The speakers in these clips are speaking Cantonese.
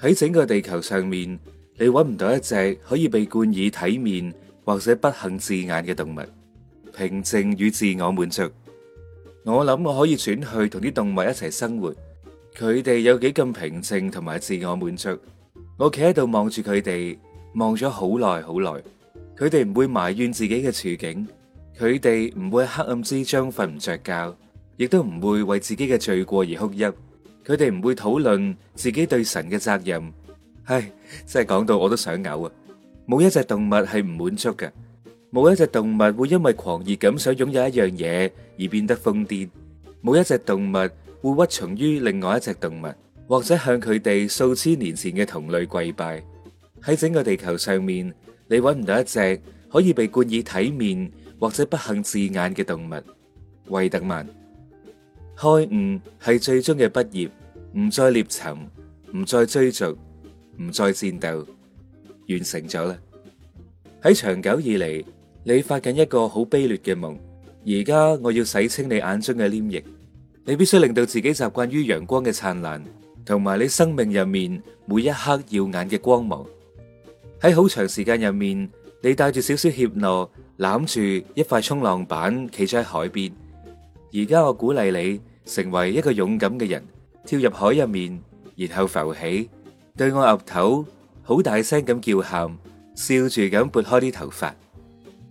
喺整個地球上面，你揾唔到一隻可以被冠以體面或者不幸字眼嘅動物。平靜與自我滿足，我諗我可以轉去同啲動物一齊生活。佢哋有幾咁平靜同埋自我滿足？我企喺度望住佢哋，望咗好耐好耐。佢哋唔會埋怨自己嘅處境，佢哋唔會喺黑暗之中瞓唔着覺，亦都唔會為自己嘅罪過而哭泣。佢哋唔會討論自己對神嘅責任，唉，真係講到我都想嘔啊！冇一隻動物係唔滿足嘅，冇一隻動物會因為狂熱咁想擁有一樣嘢而變得瘋癲，冇一隻動物會屈從於另外一隻動物，或者向佢哋數千年前嘅同類跪拜。喺整個地球上面，你揾唔到一隻可以被冠以體面或者不幸字眼嘅動物。惠特曼。開悟係最終嘅畢業，唔再獵尋，唔再追逐，唔再戰鬥，完成咗啦。喺長久以嚟，你發緊一個好卑劣嘅夢，而家我要洗清你眼中嘅黏液，你必須令到自己習慣於陽光嘅燦爛，同埋你生命入面每一刻耀眼嘅光芒。喺好長時間入面，你帶住少少怯懦，攬住一塊衝浪板，企咗喺海邊。而家我鼓勵你。成為一個勇敢嘅人，跳入海入面，然後浮起，對我額頭好大聲咁叫喊，笑住咁撥開啲頭髮。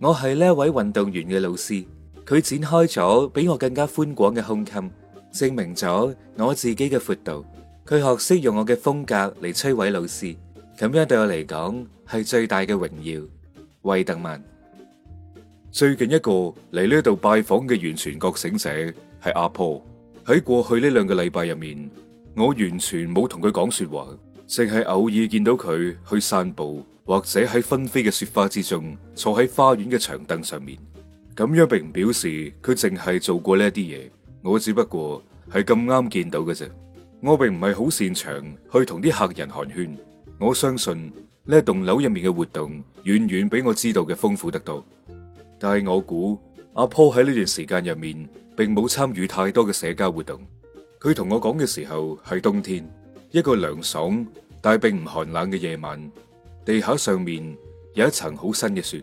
我係呢一位運動員嘅老師，佢展開咗比我更加寬廣嘅胸襟，證明咗我自己嘅闊度。佢學識用我嘅風格嚟摧毀老師，咁樣對我嚟講係最大嘅榮耀。惠特曼最近一個嚟呢度拜訪嘅完全覺醒者係阿婆。喺過去呢兩個禮拜入面，我完全冇同佢講說話，淨係偶爾見到佢去散步，或者喺紛飛嘅雪花之中坐喺花園嘅長凳上面。咁樣並唔表示佢淨係做過呢一啲嘢，我只不過係咁啱見到嘅啫。我並唔係好擅長去同啲客人寒暄。我相信呢一棟樓入面嘅活動，遠遠比我知道嘅豐富得多。但係我估阿 Paul 喺呢段時間入面。並冇參與太多嘅社交活動。佢同我講嘅時候係冬天，一個涼爽但係並唔寒冷嘅夜晚。地下上面有一層好新嘅雪。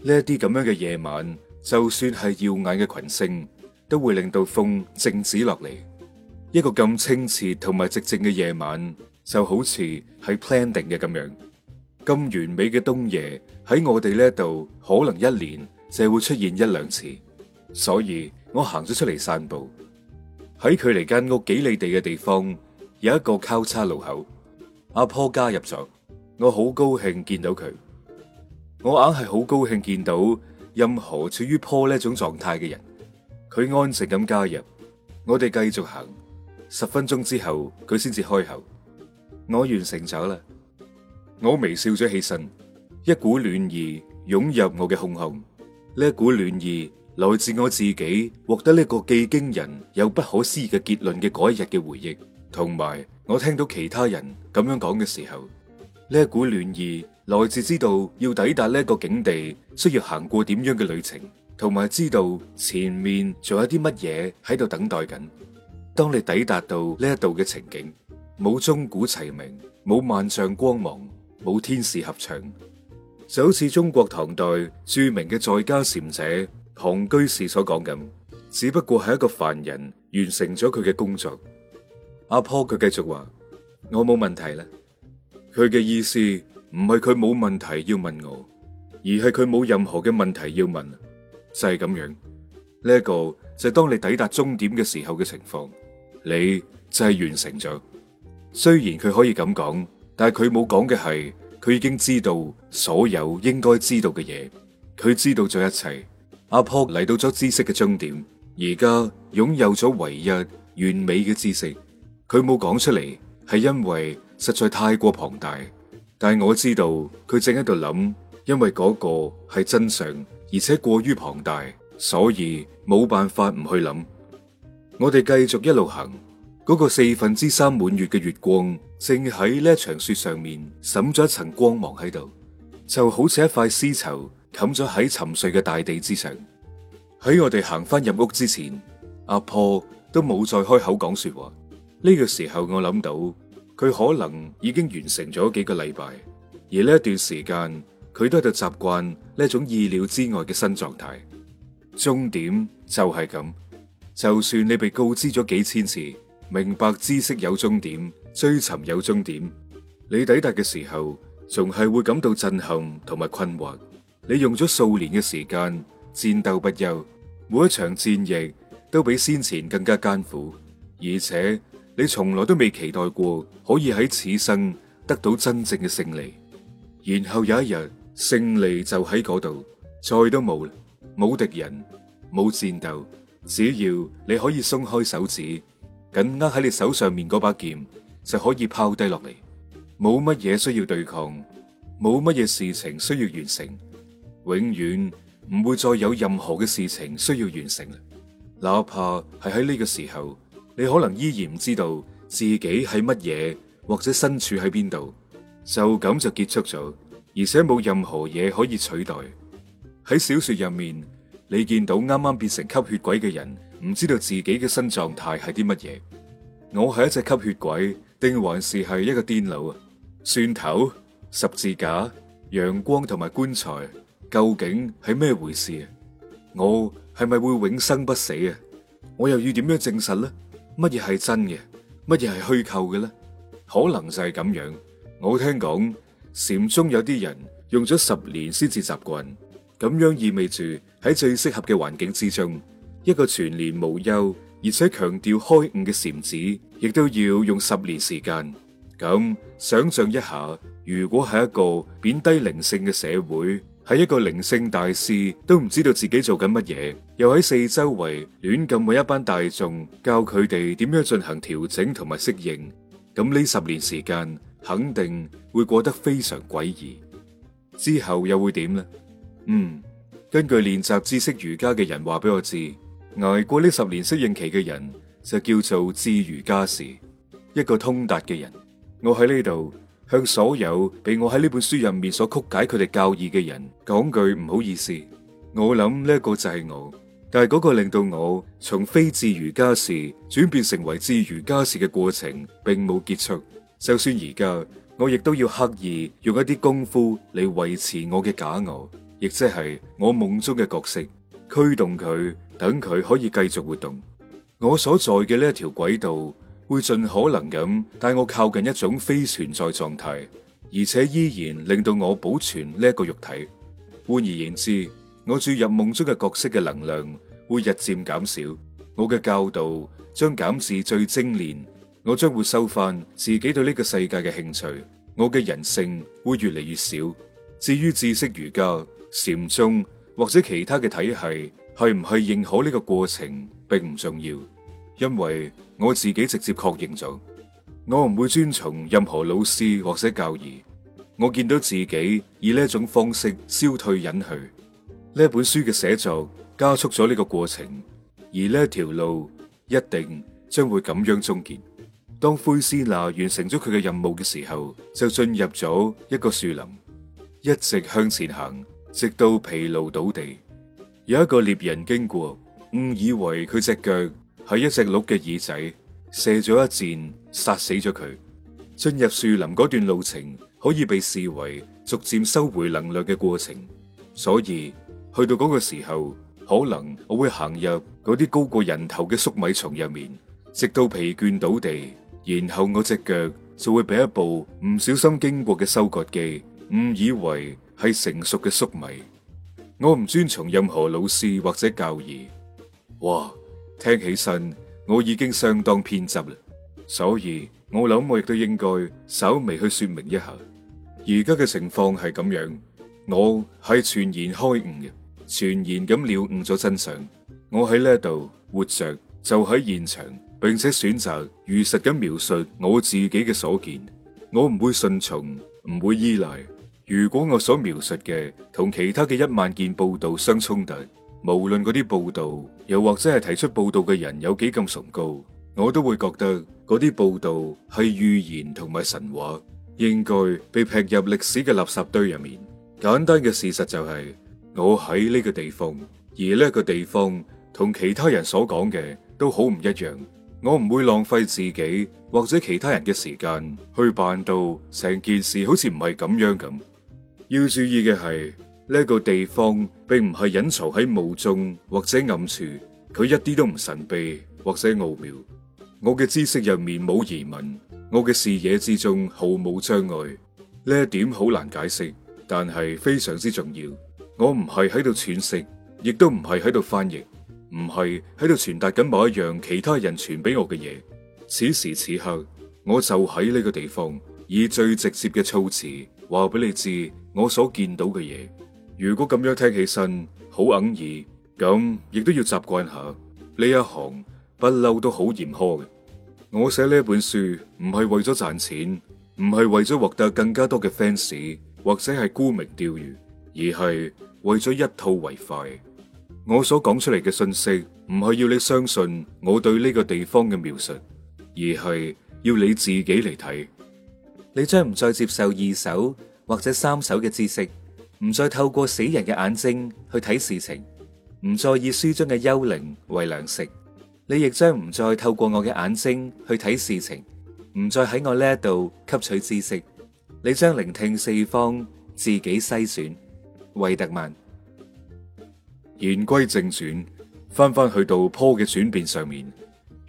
呢一啲咁樣嘅夜晚，就算係耀眼嘅群星，都會令到風靜止落嚟。一個咁清澈同埋寂靜嘅夜晚，就好似係 planning 嘅咁樣。咁完美嘅冬夜喺我哋呢一度可能一年就會出現一兩次，所以。我行咗出嚟散步，喺距離間屋幾里地嘅地方有一個交叉路口，阿婆加入咗，我好高興見到佢，我硬係好高興見到任何處於坡呢一種狀態嘅人，佢安靜咁加入，我哋繼續行，十分鐘之後佢先至開口，我完成咗啦。我微笑咗起身，一股暖意湧入我嘅胸腔，呢一股暖意哄哄。來自我自己獲得呢個既驚人又不可思議嘅結論嘅嗰一日嘅回憶，同埋我聽到其他人咁樣講嘅時候，呢一股暖意來自知道要抵達呢一個境地需要行過點樣嘅旅程，同埋知道前面仲有啲乜嘢喺度等待緊。當你抵達到呢一度嘅情景，冇鐘鼓齊鳴，冇萬丈光芒，冇天使合唱，就好似中國唐代著名嘅在家禪者，龐居士所講咁，只不過係一個凡人完成咗佢嘅工作。阿婆佢繼續話：我冇問題啦。佢嘅意思唔係佢冇問題要問我，而係佢冇任何嘅問題要問，就係咁樣。呢一個就係當你抵達終點嘅時候嘅情況，你就係完成咗。雖然佢可以咁講，但係佢冇講嘅係佢已經知道所有應該知道嘅嘢，佢知道咗一切。阿卜嚟到咗知識嘅終點，而家擁有咗唯一完美嘅知識，佢冇講出嚟，係因為實在太過龐大。但係我知道佢正喺度諗，因為嗰個係真相，而且過於龐大，所以冇辦法唔去諗。我哋繼續一路行，嗰個四分之三滿月嘅月光正喺呢一場雪上面滲咗一層光芒喺度，就好似一塊絲綢。冚咗喺沉睡嘅大地之上。喺我哋行翻入屋之前，阿婆都冇再開口講說話。呢個時候，我諗到佢可能已經完成咗幾個禮拜，而呢一段時間佢都喺度習慣呢種意料之外嘅新狀態。終點就係咁，就算你被告知咗幾千次，明白知識有終點，追尋有終點，你抵達嘅時候，仲係會感到震撼同埋困惑。你用咗數年嘅時間戰鬥不休，每一場戰役都比先前更加艱苦，而且你從來都未期待過可以喺此生得到真正嘅勝利。然後有一日勝利就喺嗰度，再都冇冇敵人，冇戰鬥，只要你可以鬆開手指，緊握喺你手上面嗰把劍，就可以拋低落嚟，冇乜嘢需要對抗，冇乜嘢事情需要完成。永遠唔會再有任何嘅事情需要完成啦。哪怕係喺呢個時候，你可能依然唔知道自己係乜嘢，或者身處喺邊度，就咁就結束咗，而且冇任何嘢可以取代。喺小說入面，你見到啱啱變成吸血鬼嘅人，唔知道自己嘅新狀態係啲乜嘢。我係一隻吸血鬼，定還是係一個癲佬啊？蒜頭、十字架、陽光同埋棺材。究竟係咩回事啊？我係咪會永生不死啊？我又要點樣證實呢？乜嘢係真嘅？乜嘢係虛構嘅咧？可能就係咁樣。我聽講禪宗有啲人用咗十年先至習慣，咁樣意味住喺最適合嘅環境之中，一個全年無憂而且強調開悟嘅禪子，亦都要用十年時間。咁想象一下，如果係一個貶低靈性嘅社會。係，一個靈性大師都唔知道自己做緊乜嘢，又喺四周圍亂咁為一班大眾教佢哋點樣進行調整同埋適應。咁呢十年時間肯定會過得非常詭異，之後又會點呢？嗯，根據練習知識瑜伽嘅人話俾我知，捱過呢十年適應期嘅人就叫做智瑜伽士，一個通達嘅人。我喺呢度。向所有被我喺呢本書入面所曲解佢哋教義嘅人講句唔好意思，我諗呢一個就係我，但係嗰個令到我從非智瑜伽士轉變成為智瑜伽士嘅過程，並冇結束。就算而家我亦都要刻意用一啲功夫嚟維持我嘅假我，亦即係我夢中嘅角色，驅動佢，等佢可以繼續活動。我所在嘅呢一條軌道，會盡可能咁帶我靠近一種非存在狀態，而且依然令到我保存呢個肉體。換而言之，我注入夢中嘅角色嘅能量會日漸減少，我嘅教導將減至最精煉，我將會收翻自己對呢個世界嘅興趣，我嘅人性會越嚟越少。至於知識、瑜伽、禪宗或者其他嘅體系，係唔係認可呢個過程，並唔重要，因為。我自己直接確認咗，我唔會遵從任何老師或者教義。我見到自己以呢種方式消退隱去。呢本書嘅寫作加速咗呢個過程，而呢條路一定將會咁樣終結。當灰斯娜完成咗佢嘅任務嘅時候，就進入咗一個樹林，一直向前行，直到疲勞倒地。有一個獵人經過，誤以為佢隻腳。係一隻鹿，嘅耳仔射咗一箭，殺死咗佢。進入樹林嗰段路程，可以被視為逐漸收回能量嘅過程。所以去到嗰個時候，可能我會行入嗰啲高過人頭嘅粟米叢入面，直到疲倦倒地。然後我隻腳就會俾一部唔小心經過嘅收割機誤以為係成熟嘅粟米。我唔遵從任何老師或者教義。哇！聽起身我已經相當偏執啦，所以我諗我亦都應該稍微去說明一下，而家嘅情況係咁樣，我係全然開悟嘅，全然咁了悟咗真相。我喺呢度活着就喺現場，並且選擇如實咁描述我自己嘅所見。我唔會順從，唔會依賴。如果我所描述嘅同其他嘅一萬件報道相沖突，無論嗰啲報道。又或者係提出報道嘅人有幾咁崇高，我都會覺得嗰啲報道係預言同埋神話，應該被劈入歷史嘅垃圾堆入面。簡單嘅事實就係、是、我喺呢個地方，而呢一個地方同其他人所講嘅都好唔一樣。我唔會浪費自己或者其他人嘅時間去扮到成件事好似唔係咁樣咁。要注意嘅係。呢地方並唔係隱藏喺霧中或者暗處，佢一啲都唔神秘或者奧妙。我嘅知識入面冇疑問，我嘅視野之中毫無障礙。呢一點好難解釋，但係非常之重要。我唔係喺度詮釋，亦都唔係喺度翻譯，唔係喺度傳達緊某一樣其他人傳俾我嘅嘢。此時此刻，我就喺呢個地方，以最直接嘅措辭話俾你知我所見到嘅嘢。如果咁樣聽起身好愕耳，咁亦都要習慣下，呢一行不嬲都好嚴苛嘅。我寫呢本書唔係為咗賺錢，唔係為咗獲得更加多嘅 fans，或者係沽名釣譽，而係為咗一吐為快。我所講出嚟嘅信息唔係要你相信我對呢個地方嘅描述，而係要你自己嚟睇。你將唔再接受二手或者三手嘅知識。唔再透過死人嘅眼睛去睇事情，唔再以書中嘅幽靈為糧食，你亦將唔再透過我嘅眼睛去睇事情，唔再喺我呢一度吸取知識，你將聆聽四方，自己篩選。惠特曼。言歸正傳，返返去到坡嘅轉變上面，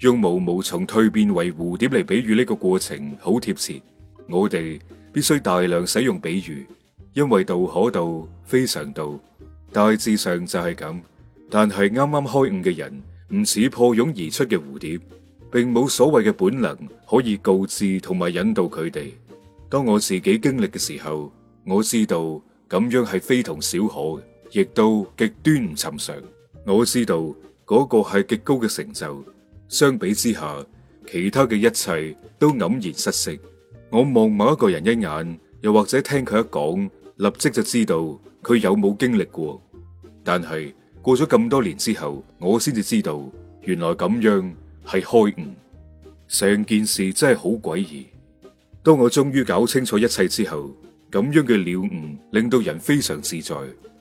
用毛毛蟲蛻變為蝴蝶嚟比喻呢個過程，好貼切。我哋必須大量使用比喻。因為道可道，非常道，大致上就係咁。但係啱啱開悟嘅人，唔似破蛹而出嘅蝴蝶，並冇所謂嘅本能可以告知同埋引導佢哋。當我自己經歷嘅時候，我知道咁樣係非同小可，亦都極端唔尋常。我知道嗰個係極高嘅成就，相比之下，其他嘅一切都黯然失色。我望某一個人一眼，又或者聽佢一講。立即就知道佢有冇經歷過，但係過咗咁多年之後，我先至知道原來咁樣係開悟，成件事真係好詭異。當我終於搞清楚一切之後，咁樣嘅了悟令到人非常自在，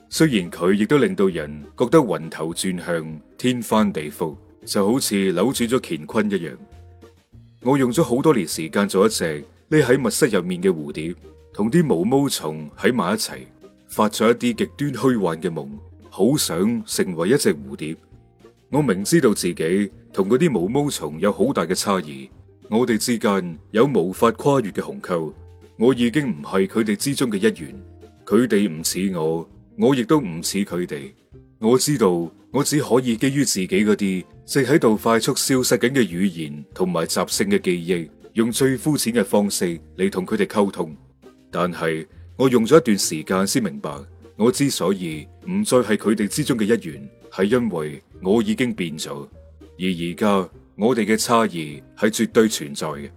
雖然佢亦都令到人覺得暈頭轉向、天翻地覆，就好似扭轉咗乾坤一樣。我用咗好多年時間做一隻匿喺密室入面嘅蝴蝶。同啲毛毛蟲喺埋一齊，發咗一啲極端虛幻嘅夢，好想成為一隻蝴蝶。我明知道自己同嗰啲毛毛蟲有好大嘅差異，我哋之間有無法跨越嘅鴻溝。我已經唔係佢哋之中嘅一員，佢哋唔似我，我亦都唔似佢哋。我知道我只可以基於自己嗰啲正喺度快速消失緊嘅語言同埋習性嘅記憶，用最膚淺嘅方式嚟同佢哋溝通。但係我用咗一段時間先明白，我之所以唔再係佢哋之中嘅一員，係因為我已經變咗。而而家我哋嘅差異係絕對存在嘅。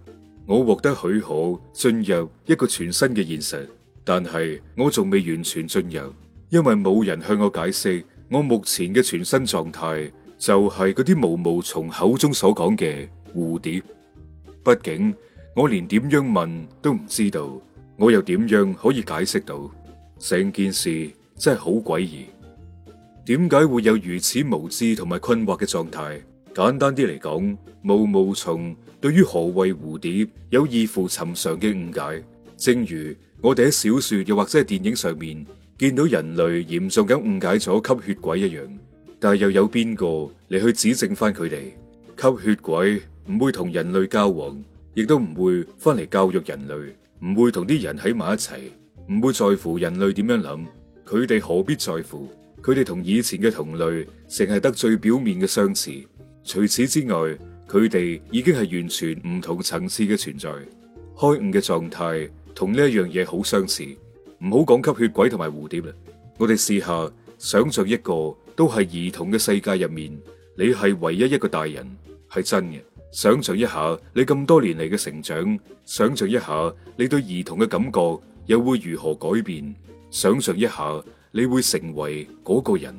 我獲得許可進入一個全新嘅現實，但係我仲未完全進入，因為冇人向我解釋我目前嘅全新狀態就係嗰啲毛毛蟲口中所講嘅蝴蝶。畢竟我連點樣問都唔知道。我又點樣可以解釋到成件事真係好詭異？點解會有如此無知同埋困惑嘅狀態？簡單啲嚟講，毛毛蟲對於何為蝴蝶有異乎尋常嘅誤解，正如我哋喺小說又或者係電影上面見到人類嚴重咁誤解咗吸血鬼一樣。但係又有邊個嚟去指正翻佢哋？吸血鬼唔會同人類交往，亦都唔會翻嚟教育人類。唔會同啲人喺埋一齊，唔會在乎人類點樣諗，佢哋何必在乎？佢哋同以前嘅同類，淨係得最表面嘅相似。除此之外，佢哋已經係完全唔同層次嘅存在。開悟嘅狀態同呢一樣嘢好相似。唔好講吸血鬼同埋蝴蝶啦，我哋試下想象一個都係兒童嘅世界入面，你係唯一一個大人，係真嘅。想象一下你咁多年嚟嘅成長，想象一下你對兒童嘅感覺又會如何改變？想象一下你會成為嗰個人，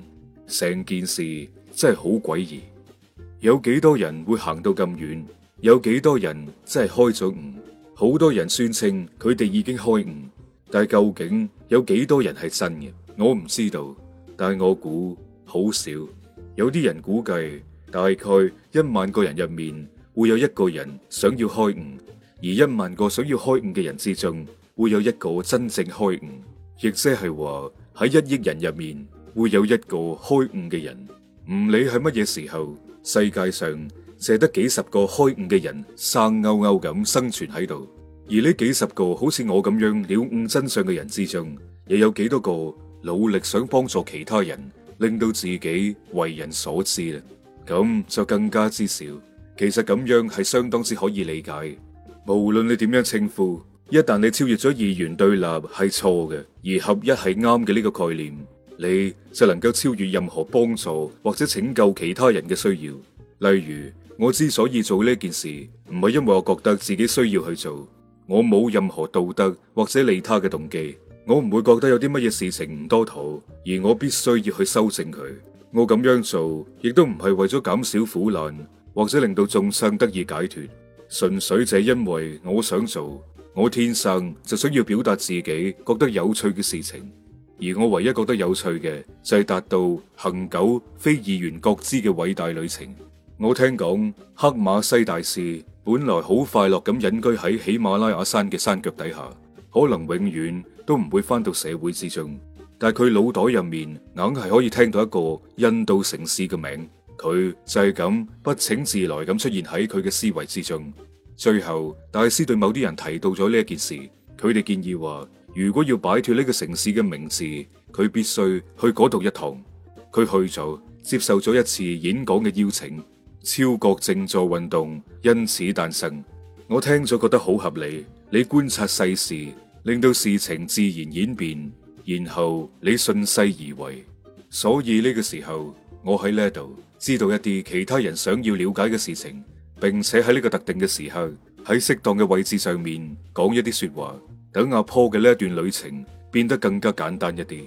成件事真係好詭異。有幾多人會行到咁遠？有幾多人真係開咗悟？好多人宣稱佢哋已經開悟，但係究竟有幾多人係真嘅？我唔知道，但我估好少。有啲人估計大概一萬個人入面。會有一個人想要開悟，而一萬個想要開悟嘅人之中，會有一個真正開悟，亦即係話喺一億人入面，會有一個開悟嘅人。唔理係乜嘢時候，世界上剩得幾十個開悟嘅人，生勾勾咁生存喺度。而呢幾十個好似我咁樣了悟真相嘅人之中，又有幾多個努力想幫助其他人，令到自己為人所知啦，咁就更加之少。其實咁樣係相當之可以理解。無論你點樣稱呼，一旦你超越咗二元對立，係錯嘅，而合一係啱嘅呢個概念，你就能夠超越任何幫助或者拯救其他人嘅需要。例如，我之所以做呢件事，唔係因為我覺得自己需要去做，我冇任何道德或者利他嘅動機。我唔會覺得有啲乜嘢事情唔多妥，而我必須要去修正佢。我咁樣做亦都唔係為咗減少苦難。或者令到眾生得以解脫，純粹就係因為我想做，我天生就需要表達自己覺得有趣嘅事情，而我唯一覺得有趣嘅就係達到恒久非二元覺知嘅偉大旅程。我聽講黑馬西大師本來好快樂咁隱居喺喜馬拉雅山嘅山腳底下，可能永遠都唔會翻到社會之中，但係佢腦袋入面硬係可以聽到一個印度城市嘅名。佢就係咁不請自來咁出現喺佢嘅思維之中。最後，大師對某啲人提到咗呢件事，佢哋建議話，如果要擺脫呢個城市嘅名字，佢必須去嗰度一趟。」佢去咗，接受咗一次演講嘅邀請，超覺靜坐運動因此誕生。我聽咗覺得好合理。你觀察世事，令到事情自然演變，然後你順勢而為。所以呢個時候。我喺呢度知道一啲其他人想要了解嘅事情，並且喺呢個特定嘅時候喺適當嘅位置上面講一啲說話，等阿婆嘅呢一段旅程變得更加簡單一啲。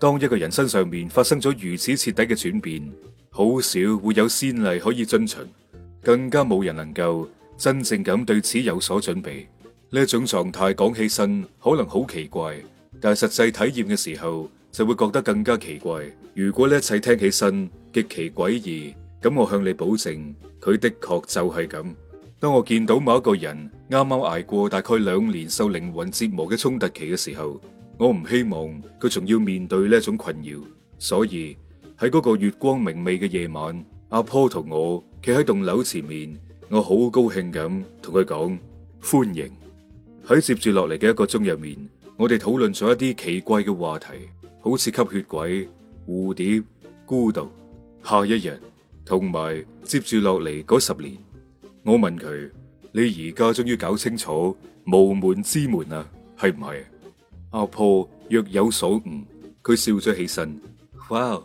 當一個人身上面發生咗如此徹底嘅轉變，好少會有先例可以遵循，更加冇人能夠真正咁對此有所準備。呢種狀態講起身可能好奇怪，但係實際體驗嘅時候就會覺得更加奇怪。如果呢一切聽起身，極其詭異，咁我向你保證，佢的確就係咁。當我見到某一個人啱啱挨過大概兩年受靈魂折磨嘅衝突期嘅時候，我唔希望佢仲要面對呢種困擾。所以喺嗰個月光明媚嘅夜晚，阿婆同我企喺棟樓前面，我好高興咁同佢講歡迎。喺接住落嚟嘅一個鐘入面，我哋討論咗一啲奇怪嘅話題，好似吸血鬼、蝴蝶、孤獨。下一日同埋接住落嚟嗰十年，我問佢：你而家終於搞清楚無門之門啊？係唔係？阿婆若有所悟，佢笑咗起身。哇！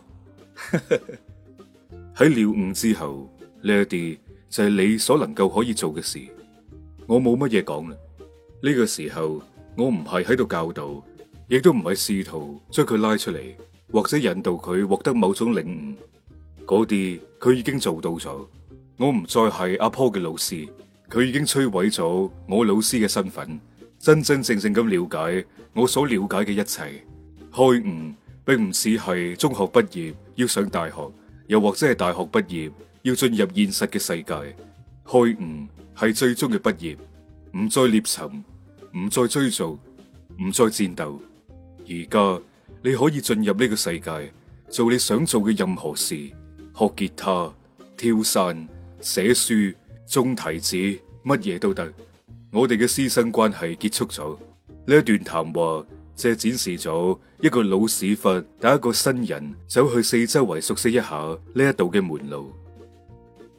喺了悟之後呢一啲就係你所能夠可以做嘅事。我冇乜嘢講啦。呢個時候我唔係喺度教導，亦都唔係試圖將佢拉出嚟，或者引導佢獲得某種領悟。嗰啲，佢已經做到咗，我唔再係阿婆嘅老師，佢已經摧毀咗我老師嘅身份，真真正正咁了解我所了解嘅一切。開悟並唔似係中學畢業要上大學，又或者係大學畢業要進入現實嘅世界。開悟係最終嘅畢業，唔再獵尋，唔再追逐，唔再戰鬥。而家你可以進入呢個世界，做你想做嘅任何事。學吉他、跳傘、寫書、中提子，乜嘢都得。我哋嘅師生關係結束咗。呢一段談話，即係展示咗一個老屎忽帶一個新人走去四周圍熟悉一下呢一度嘅門路。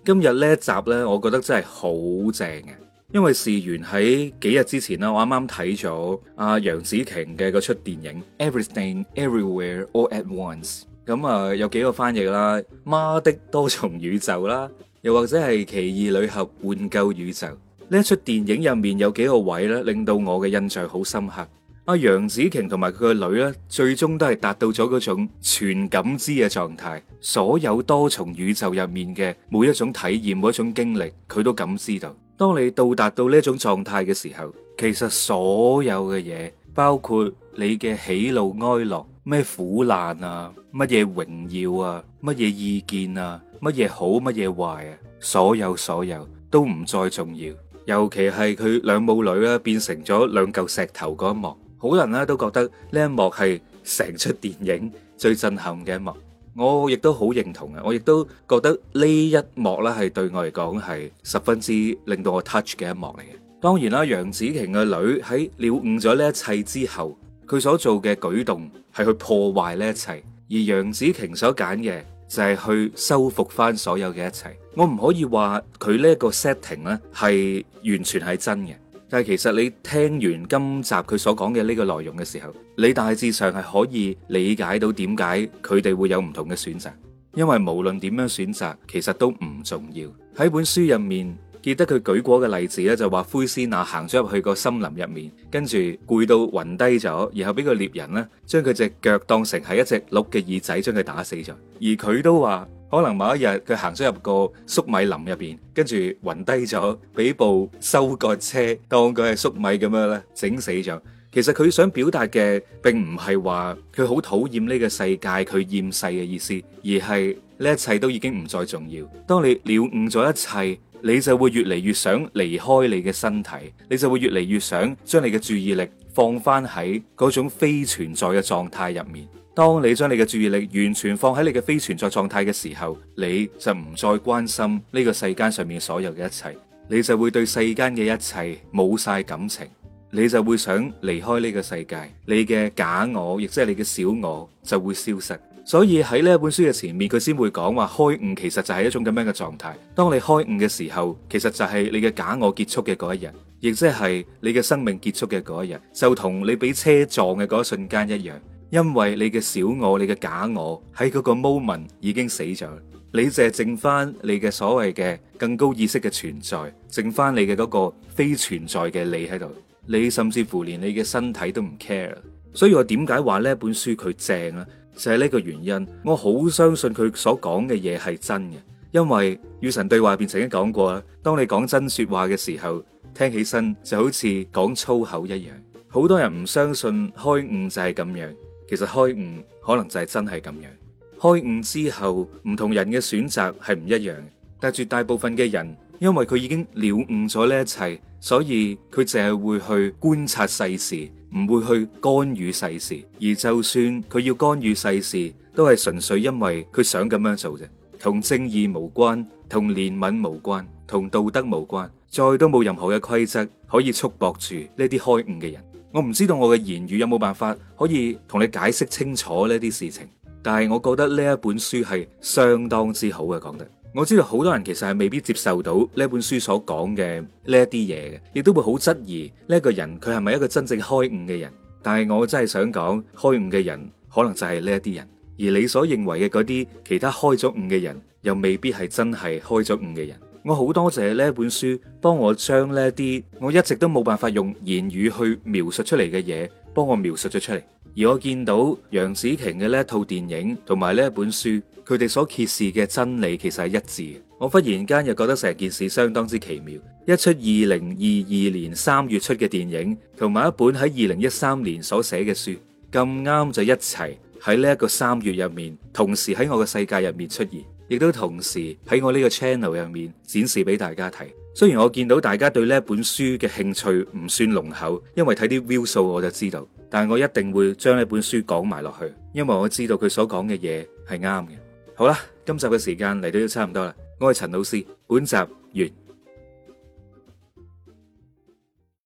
今日呢一集咧，我覺得真係好正嘅，因為事緣喺幾日之前啦，我啱啱睇咗阿楊紫瓊嘅嗰出電影《Everything Everywhere All At Once》。咁啊、嗯，有幾個翻譯啦，《媽的多重宇宙》啦，又或者係《奇異女俠玩救宇宙》，呢一出電影入面有幾個位咧，令到我嘅印象好深刻。阿、啊、楊紫瓊同埋佢個女咧，最終都係達到咗嗰種全感知嘅狀態，所有多重宇宙入面嘅每一種體驗、每一種經歷，佢都感知到。當你到達到呢一種狀態嘅時候，其實所有嘅嘢，包括你嘅喜怒哀樂，咩苦難啊。乜嘢榮耀啊？乜嘢意見啊？乜嘢好，乜嘢壞啊？所有所有都唔再重要。尤其係佢兩母女咧、啊，變成咗兩嚿石頭嗰一幕，好多人咧都覺得呢一幕係成出電影最震撼嘅一幕。我亦都好認同啊，我亦都覺得呢一幕咧、啊、係對我嚟講係十分之令到我 touch 嘅一幕嚟嘅。當然啦、啊，楊紫瓊嘅女喺了悟咗呢一切之後，佢所做嘅舉動係去破壞呢一切。而楊子瓊所揀嘅就係、是、去修復返所有嘅一切。我唔可以話佢呢一個 setting 咧係完全係真嘅，但係其實你聽完今集佢所講嘅呢個內容嘅時候，你大致上係可以理解到點解佢哋會有唔同嘅選擇，因為無論點樣選擇，其實都唔重要。喺本書入面。記得佢舉過嘅例子咧，就話、是、灰仙娜行咗入去個森林入面，跟住攰到暈低咗，然後俾個獵人呢將佢隻腳當成係一隻鹿嘅耳仔，將佢打死咗。而佢都話可能某一日佢行咗入個粟米林入邊，跟住暈低咗，俾部收割車當佢係粟米咁樣咧整死咗。其實佢想表達嘅並唔係話佢好討厭呢個世界，佢厭世嘅意思，而係呢一切都已經唔再重要。當你了悟咗一切。你就會越嚟越想離開你嘅身體，你就會越嚟越想將你嘅注意力放翻喺嗰種非存在嘅狀態入面。當你將你嘅注意力完全放喺你嘅非存在狀態嘅時候，你就唔再關心呢個世間上面所有嘅一切，你就會對世間嘅一切冇晒感情，你就會想離開呢個世界，你嘅假我，亦即係你嘅小我，就會消失。所以喺呢本書嘅前面，佢先會講話，開悟其實就係一種咁樣嘅狀態。當你開悟嘅時候，其實就係你嘅假我結束嘅嗰一日，亦即係你嘅生命結束嘅嗰一日，就同你俾車撞嘅嗰一瞬間一樣。因為你嘅小我、你嘅假我喺嗰個 moment 已經死咗，你就係剩翻你嘅所謂嘅更高意識嘅存在，剩翻你嘅嗰個非存在嘅你喺度。你甚至乎連你嘅身體都唔 care。所以我點解話呢本書佢正咧？就係呢個原因，我好相信佢所講嘅嘢係真嘅，因為與神對話便曾經講過啦。當你講真說話嘅時候，聽起身就好似講粗口一樣。好多人唔相信開悟就係咁樣，其實開悟可能就係真係咁樣。開悟之後，唔同人嘅選擇係唔一樣，但係絕大部分嘅人，因為佢已經了悟咗呢一切，所以佢淨係會去觀察世事。唔會去干預世事，而就算佢要干預世事，都係純粹因為佢想咁樣做啫，同正義無關，同憐憫無關，同道德無關，再都冇任何嘅規則可以束縛住呢啲開悟嘅人。我唔知道我嘅言語有冇辦法可以同你解釋清楚呢啲事情，但係我覺得呢一本書係相當之好嘅講得。我知道好多人其實係未必接受到呢本書所講嘅呢一啲嘢嘅，亦都會好質疑呢一個人佢係咪一個真正開悟嘅人。但係我真係想講，開悟嘅人可能就係呢一啲人，而你所認為嘅嗰啲其他開咗悟嘅人，又未必係真係開咗悟嘅人。我好多謝呢本書，幫我將呢啲我一直都冇辦法用言語去描述出嚟嘅嘢，幫我描述咗出嚟。而我見到楊紫瓊嘅呢一套電影同埋呢一本書，佢哋所揭示嘅真理其實係一致嘅。我忽然間又覺得成件事相當之奇妙。一出二零二二年三月出嘅電影，同埋一本喺二零一三年所寫嘅書，咁啱就一齊喺呢一個三月入面，同時喺我嘅世界入面出現，亦都同時喺我呢個 channel 入面展示俾大家睇。雖然我見到大家對呢本書嘅興趣唔算濃厚，因為睇啲 view 數我就知道，但我一定會將呢本書講埋落去，因為我知道佢所講嘅嘢係啱嘅。好啦，今集嘅時間嚟到都差唔多啦，我係陳老師，本集完。